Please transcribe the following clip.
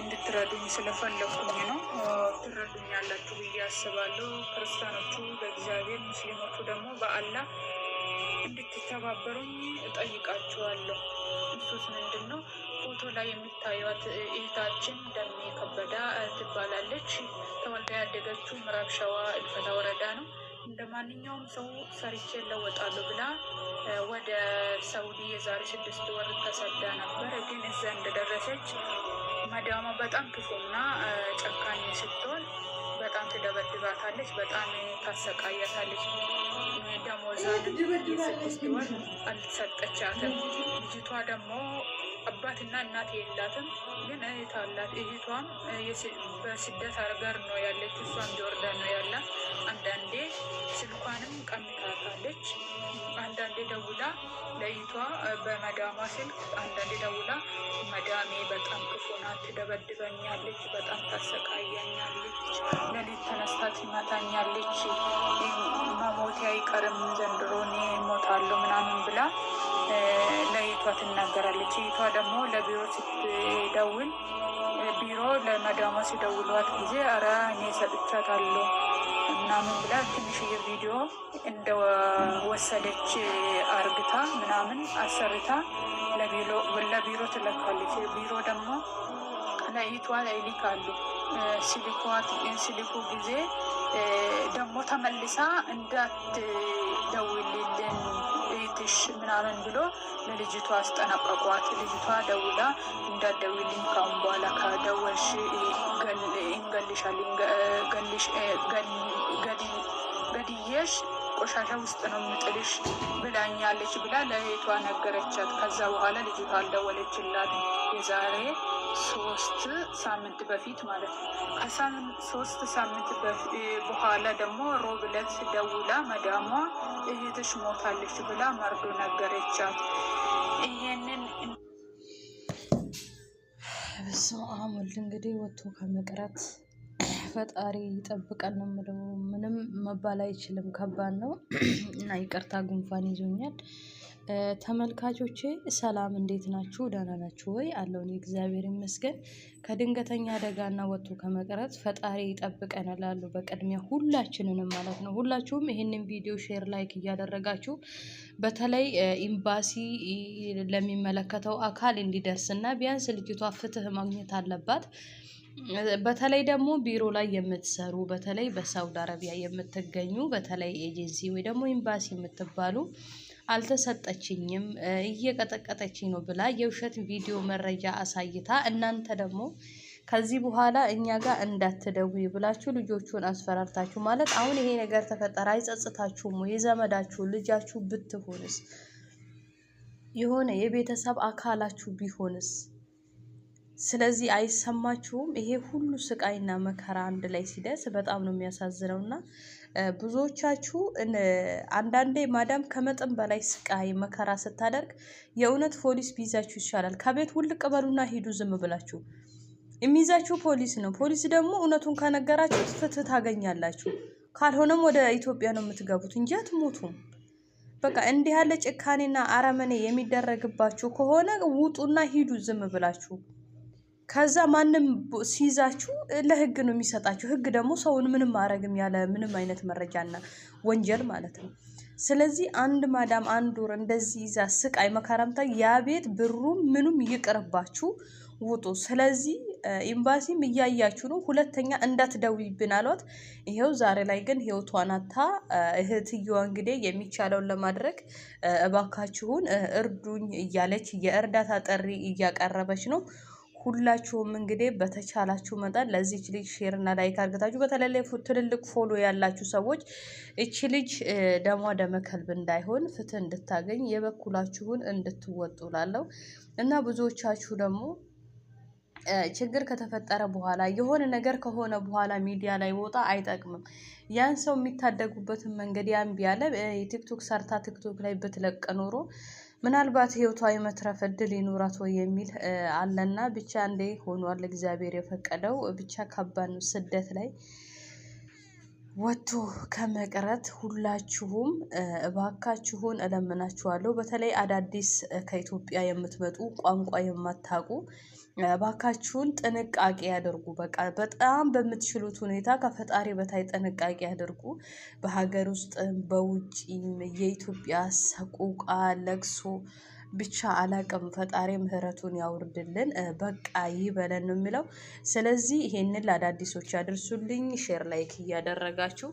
እንድትረዱኝ ስለፈለኩኝ ነው። ትረዱኛላችሁ ብዬ አስባለሁ። ክርስቲያኖቹ በእግዚአብሔር ሙስሊሞቹ ደግሞ በአላህ እንድትተባበሩኝ እጠይቃችኋለሁ። እሱስ ምንድን ነው? ፎቶ ላይ የምታዩት እህታችን ደሜ ከበዳ ትባላለች። ተወልዳ ያደገችው ምዕራብ ሸዋ እልፈታ ወረዳ ነው። እንደ ማንኛውም ሰው ሰርቼ እለወጣለሁ ብላ ወደ ሰውዲ የዛሬ ስድስት ወር ተሰዳ ነበር። ግን እዛ እንደደረሰች መዳማ በጣም ክፉና ጨካኝ ስትሆን በጣም ትደበድባታለች፣ በጣም ታሰቃያታለች። ደሞዛ ስድስት ወር አልሰጠቻትም። ልጅቷ ደግሞ አባትና እናት የላትም፣ ግን እህት አላት። እህቷም በስደት አገር ነው ያለች፣ እሷም ጆርዳን ነው ያላት። አንዳንዴ ስልኳንም ቀምታታለች። አንዳንዴ ደውላ ለእህቷ በመዳሟ ስልክ አንዳንዴ ደውላ መዳሜ በጣም ክፉ ናት፣ ትደበድበኛለች፣ በጣም ታሰቃያኛለች፣ ለሊት ተነስታ ትመታኛለች መሞቴ አይቀርም ዘንድሮ እኔ እሞታለሁ ምናምን ብላ ለይቷ ትናገራለች። ይቷ ደግሞ ለቢሮ ስትደውል ቢሮ ለመዳሟ ሲደውሏት ጊዜ አረ እኔ ሰጥቻታለሁ ምናምን ብላ ትንሽዬ ቪዲዮ እንደወሰደች አርግታ ምናምን አሰርታ ለቢሮ ትለካለች። ቢሮ ደግሞ ለይቷ ይልካሉ። ሲልኳት ሲልኩ ጊዜ ደግሞ ተመልሳ እንዳትደውልልን ቤትሽ ምናምን ብሎ ለልጅቷ አስጠነቀቋት። ልጅቷ ደውላ እንዳደውልኝ ካሁን በኋላ ከደወልሽ እንገልሻል ገድየሽ ቆሻሻ ውስጥ ነው የምጥልሽ ብላኛለች ብላ ለቤቷ ነገረቻት። ከዛ በኋላ ልጅቷ አልደወለችላት። የዛሬ ሶስት ሳምንት በፊት ማለት ነው። ከሶስት ሳምንት በኋላ ደግሞ ሮብ ዕለት ደውላ መዳሟ እህትሽ ሞታለች ብላ መርዶ ነገረቻት። ይሄንን በስመ አብ ወልድ እንግዲህ ወጥቶ ከመቅረት ፈጣሪ ይጠብቀን ነው የምለው። ምንም መባል አይችልም፣ ከባድ ነው እና ይቅርታ ጉንፋን ይዞኛል። ተመልካቾቼ ሰላም፣ እንዴት ናችሁ? ደህና ናችሁ ወይ? አለውን እግዚአብሔር ይመስገን። ከድንገተኛ አደጋና ወጥቶ ከመቅረት ፈጣሪ ይጠብቀን እላለሁ። በቅድሚያ ሁላችንንም ማለት ነው። ሁላችሁም ይህንን ቪዲዮ ሼር፣ ላይክ እያደረጋችሁ በተለይ ኤምባሲ ለሚመለከተው አካል እንዲደርስና ቢያንስ ልጅቷ ፍትህ ማግኘት አለባት። በተለይ ደግሞ ቢሮ ላይ የምትሰሩ በተለይ በሳውዲ አረቢያ የምትገኙ በተለይ ኤጀንሲ ወይ ደግሞ ኤምባሲ የምትባሉ አልተሰጠችኝም እየቀጠቀጠችኝ ነው ብላ የውሸት ቪዲዮ መረጃ አሳይታ እናንተ ደግሞ ከዚህ በኋላ እኛ ጋር እንዳትደውይ ብላችሁ ልጆቹን አስፈራርታችሁ ማለት አሁን ይሄ ነገር ተፈጠረ አይጸጽታችሁም ወይ? የዘመዳችሁ ልጃችሁ ብትሆንስ የሆነ የቤተሰብ አካላችሁ ቢሆንስ ስለዚህ አይሰማችሁም? ይሄ ሁሉ ስቃይና መከራ አንድ ላይ ሲደርስ በጣም ነው የሚያሳዝነው። እና ብዙዎቻችሁ አንዳንዴ ማዳም ከመጠን በላይ ስቃይ መከራ ስታደርግ የእውነት ፖሊስ ቢይዛችሁ ይሻላል። ከቤት ውልቅ በሉና ሂዱ ዝም ብላችሁ። የሚይዛችሁ ፖሊስ ነው። ፖሊስ ደግሞ እውነቱን ከነገራችሁ ፍትህ ታገኛላችሁ። ካልሆነም ወደ ኢትዮጵያ ነው የምትገቡት እንጂ አትሞቱም። በቃ እንዲህ ያለ ጭካኔና አረመኔ የሚደረግባችሁ ከሆነ ውጡና ሂዱ ዝም ብላችሁ። ከዛ ማንም ሲይዛችሁ ለህግ ነው የሚሰጣችሁ። ህግ ደግሞ ሰውን ምንም አረግም ያለ ምንም አይነት መረጃና ወንጀል ማለት ነው። ስለዚህ አንድ ማዳም አንድ ወር እንደዚህ ይዛ ስቃይ መካረምታ ያ ቤት ብሩም ምኑም ይቅርባችሁ፣ ውጡ። ስለዚህ ኤምባሲም እያያችሁ ነው፣ ሁለተኛ እንዳትደውይብን አሏት። ይሄው ዛሬ ላይ ግን ህይወቷን አታ እህትየዋ እንግዲህ የሚቻለውን ለማድረግ እባካችሁን እርዱኝ እያለች የእርዳታ ጥሪ እያቀረበች ነው። ሁላችሁም እንግዲህ በተቻላችሁ መጠን ለዚች ልጅ ሼር እና ላይክ አርግታችሁ በተለይ ትልልቅ ፎሎ ያላችሁ ሰዎች እቺ ልጅ ደሞ ደመ ከልብ እንዳይሆን ፍትህ እንድታገኝ የበኩላችሁን እንድትወጡ ላለው እና ብዙዎቻችሁ ደግሞ ችግር ከተፈጠረ በኋላ የሆነ ነገር ከሆነ በኋላ ሚዲያ ላይ ወጣ አይጠቅምም። ያን ሰው የሚታደጉበትን መንገድ ያን ቢያለ ቲክቶክ ሰርታ ቲክቶክ ላይ ብትለቅ ኖሮ ምናልባት ህይወቷ የመትረፍ እድል ይኖራት ወይ የሚል አለና ብቻ አንዴ ሆኗል። እግዚአብሔር የፈቀደው ብቻ ከባድ ስደት ላይ ወጥቶ ከመቅረት ሁላችሁም እባካችሁን እለምናችኋለሁ። በተለይ አዳዲስ ከኢትዮጵያ የምትመጡ ቋንቋ የማታውቁ ባካችሁን ጥንቃቄ ያደርጉ። በቃ በጣም በምትችሉት ሁኔታ ከፈጣሪ በታይ ጥንቃቄ ያደርጉ። በሀገር ውስጥም በውጪም የኢትዮጵያ ሰቆቃ ለቅሶ ብቻ አላቅም። ፈጣሪ ምሕረቱን ያውርድልን። በቃ ይበለን ነው የሚለው። ስለዚህ ይሄንን ለአዳዲሶች ያደርሱልኝ። ሼር ላይክ እያደረጋችሁ